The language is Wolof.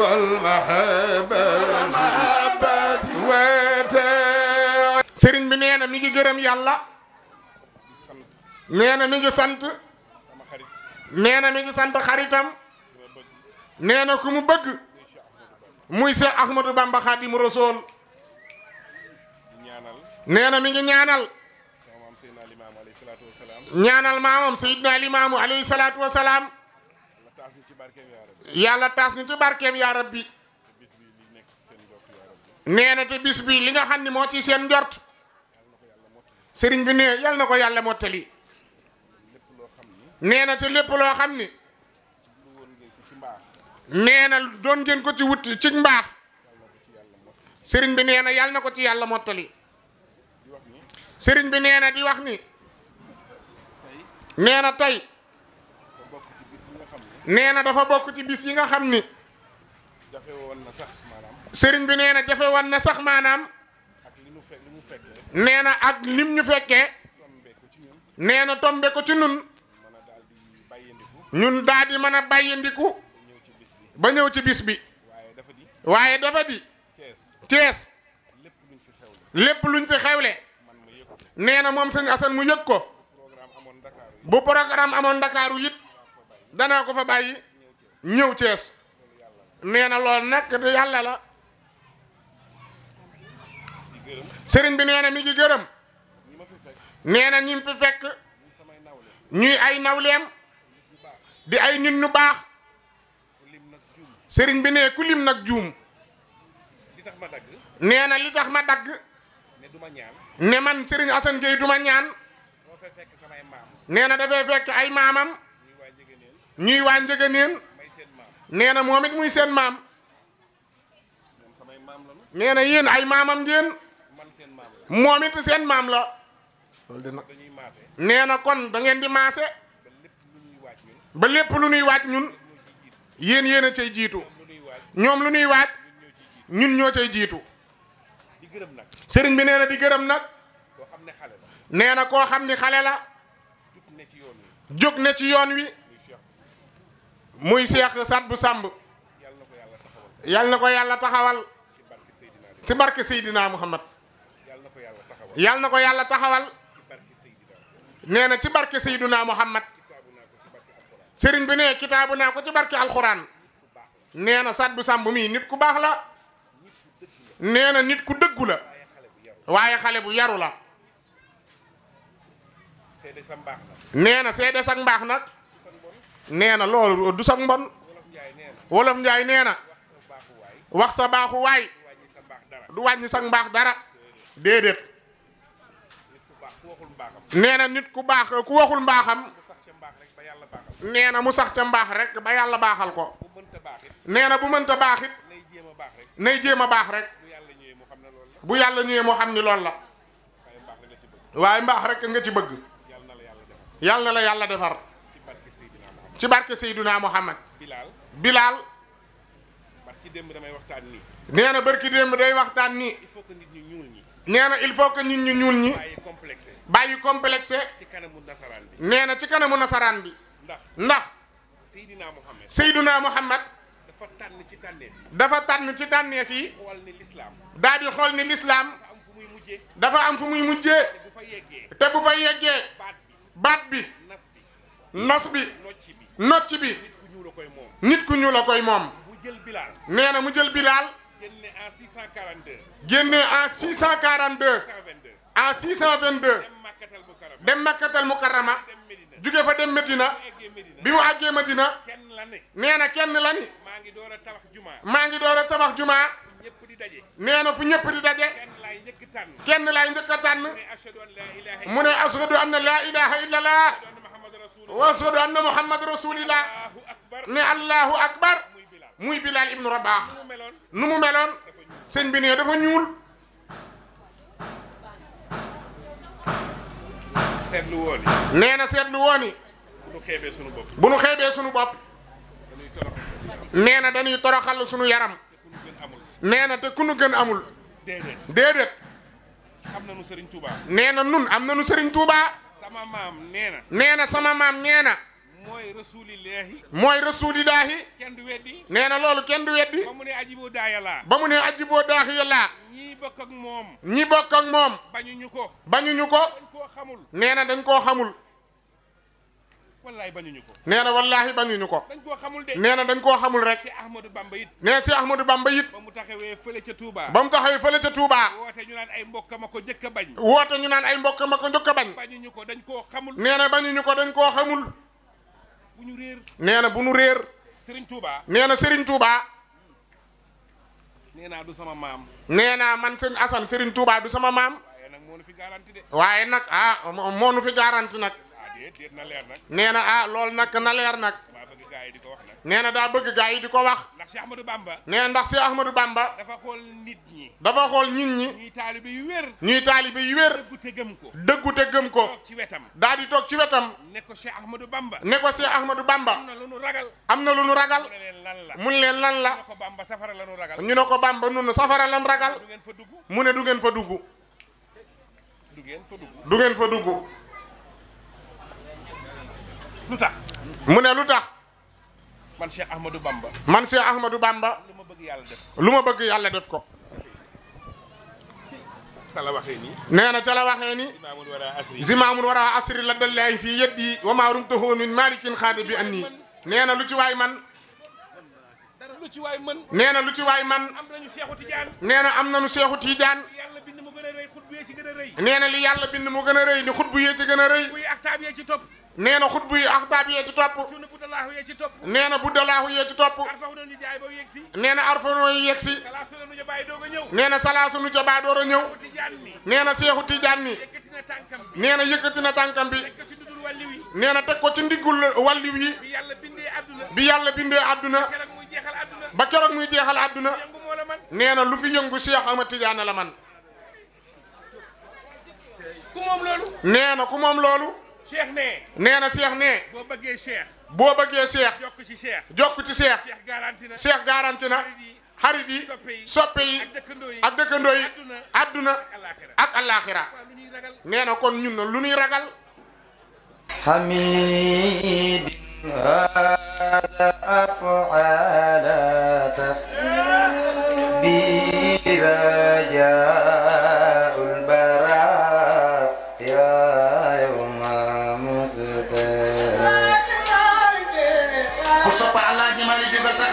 والمحبة sëriñ bi nee mi ngi gërëm yàlla. nee mi ngi sant. nee mi ngi sant xaritam. nee ku mu bëgg. muy Seex Ahmadou Bamba Xaadimu Rasuul. nee na mi ngi ñaanal. ñaanal maamam Seydina Limaamu alayhi salaatu wa yàlla taas ñu ci barkeem yaa rabbi nee na te bis bi li nga xam ni moo ci seen njort sëriñ bi ne yal na ko yàlla mottali nee te lépp loo xam ni nee na doon ngeen ko ci wuti ci mbaax sëriñ bi nee na yal na ko ci yàlla mottali sëriñ bi nee na di wax ni nee na tey nee na dafa bokk ci bis yi nga xam ni. jafe woon na sax maanaam. sëriñ bi nee na jafe woon na sax maanaam. ak li mu fekk li mu fekkee. nee na ak lim ñu fekkee. tombe ci ñun. nee na tombe ko ci ñun. ñun daal di mën a bàyyindiku. ba ñëw ci bis bi. waaye dafa di. waaye dafa di. Cees. lépp luñ fi xewle. lépp luñ fi xewle. nee na moom sëñ Assane mu yëg ko. bu programme amoon Dakar yi. bu programme amoon Dakar yi danaa ko fa bàyyi ñëw Cees nee na lool nag du yàlla la sëriñ bi nee na mi ngi gërëm nee na ñi mu fi fekk ñuy ay nawleem di ay nit ñu baax sëriñ bi nee ku lim nag juum nee na li tax ma dagg ne man sëriñ Assane Gueye du ma ñaan nee na dafay fekk ay maamam ñuy waa Njëganeen nee na moom it muy seen maam nee na yéen ay maamam ngeen moom it seen maam la loolu de nag nee na kon da ngeen di maase ba lépp lu nuy waaj ñun yéen yéen a cay jiitu ñoom lu nuy waaj ñun ñoo cay jiitu sëriñ bi nee na di gërëm nag nee na koo xam ni xale la jóg ne ci yoon wi muy Cheikh bu sàmb yal na ko yàlla taxawal ci barke Seydina Muhammad yal na ko yàlla taxawal nee na ci barke Seydina Muhammad sëriñ bi ne kitaabu naa ko ci barke alxuraan nee na Sadbou Samb mii nit ku baax la nee nit ku dëggu la waaye xale bu yaru la nee na seede sax mbaax nag nee na loolu du sax mbon wolof njaay nee na wax sa baaxu waay du wàññi sax mbaax dara déedéet nee na nit ku baax ku waxul mbaaxam nee na mu sax ca mbaax rek ba yàlla baaxal ko nee na bu mënta baax it nay jéem a baax rek bu yàlla ñëwee moo xam ni loolu la waaye mbaax rek nga ci bëgg yàlla na la yàlla defar ci barke Seydina Muhammad Bilal Bilal. barki démb damay waxtaan nii. nee na barki démb day waxtaan nii. il faut que nit ñi. nee ñu ñuul ñi. bàyyi complexé. bàyyi ci kanamu nasaraan bi. nee na ci kanamu nasaraan bi. ndax ndax. Seydina Muhammad Seydina Muhammad dafa tànn ci tànneef. dafa tànn ci tànneef yi. xool lislaam. daal di xool ni lislaam. dafa am fu muy mujjee. dafa am fu muy mujjee. te bu fa yeggee. te bu yeggee. baat bi nas bi bi. nocc bi. nocc bi nit ku ñuul a koy moom nee na mu jël bilaal génne en 642 génne en 642 en 622 dem makkatal mukarrama jóge fa dem Medina bi mu àggee Medina nee na kenn la ni maa ngi door a tabax juma maa ngi door a tabax juma nee na fu ñëpp di daje kenn laay njëkk a tànn mu ne ashadu an la ilaha illallah رسول ان محمد رسول الله ني الله اكبر نعم، موي بلال ابن رباح نمو ملون سيغ بي ني دا فا نيول سيتلو وني نينا سيتلو وني بونو خيبي سونو بوب نينا داني توراخال سونو يارام نينا تي كونو گن امول ديدت ديدت امنا نو سيرن توبا نينا نون امنا نو سيرن توبا sama maam nee na. nee na sama maam nee na. mooy rasulillahi. mooy rasulillahi. kenn du weddi. nee na loolu kenn du weddi. ba mu ne aji boo daaya laa. ba mu ne aji boo daaya laa. ñii bokk ak moom. ñii bokk ak moom. bañuñu ko. bañuñu ko. dañ koo xamul. nee na dañ koo xamul. wallaay bañuñu ko nee na wallaahi bañuñu ko dañ koo xamul de nee na dañ koo xamul rek Cheikh Ahmadou Bamba it nee Cheikh Ahmadou Bamba it ba mu taxawee fële ca Touba ba mu taxawee fële ca Touba naan ay mbokk ma ko a bañ woote naan ay mbokk ma ko njëkk a bañ bañuñu ko dañ koo xamul nee na bañuñu ko dañ koo xamul bu ñu réer nee na bu ñu réer Serigne nee na Serigne Touba nee naa du sama maam nee naa man sëñ Assane Serigne Touba du sama maam waaye nag moo nu fi garanti de waaye nag ah moo nu fi garanti nag nee na ah loolu nag na leer nag nee na daa bëgg gaa yi di ko wax ndax Cheikh Ahmadou Bamba nee na ndax Cheikh Ahmadou Bamba dafa xool nit ñi dafa xool nit ñi ñuy taalibe yu wér ñuy taalibe yu wér dëggu te gëm ko dëggu te gëm ko ci wetam daa di toog ci wetam ne ko Cheikh Ahmadou Bamba ne ko Cheikh Ahmadou Bamba am na lu nu ragal am na lu nu ragal mun leen lan la ñu ne ko Bamba nun safara lan ragal mu ne du ngeen fa dugg du ngeen fa dugg du ngeen fa dugg lu mu ne lu tax. man Cheikh Ahmadou Bamba. man Cheikh Ahmadou Bamba. lu ma bëgg yàlla def ko. lu ma bëgg yàlla def ko. ca la waxee nii. nee na ca la waxee nii. zimaamun wara asri la dallaay fii yeddi wa maa rumtuhu min malikin xaade bi anni. nee na lu ci waay man. lu ci waay man. nee na lu ci waay man. am nañu Seexu Tijaan. nee na am nañu Seexu Tijaan. nee na li yàlla bind mu gën a rëy ni xut bu yee ci gën a rëy. kuy aktaab yee ci nee na xutbu yi axbaab yee na buddalaahu yee ci topp. nee na buddalaahu yee ci topp. nee na arfano yi yegg si. nee na salaasu lu jabaa door a ñëw. nee na seexu tijaan ni. nee na yëkkati na tànkam bi. nee na teg ko ci ndiggul walliw yi. bi yàlla bindee àdduna. ba keroog muy jeexal àdduna. nee na lu fi yëngu Seex Ahmad Tijaan la man. nee na ku moom loolu. cheikh ne. nee na cheikh boo bëggee cheikh. boo bëggee cheikh. jokk ci cheikh. jokk ci cheikh. cheikh na. cheikh garanti na. xarit yi soppe yi ak dëkkandoo yi adduna ak alaaxira nee kon ñun na lu ñuy ragal. حميد هذا أفعال تكبيرا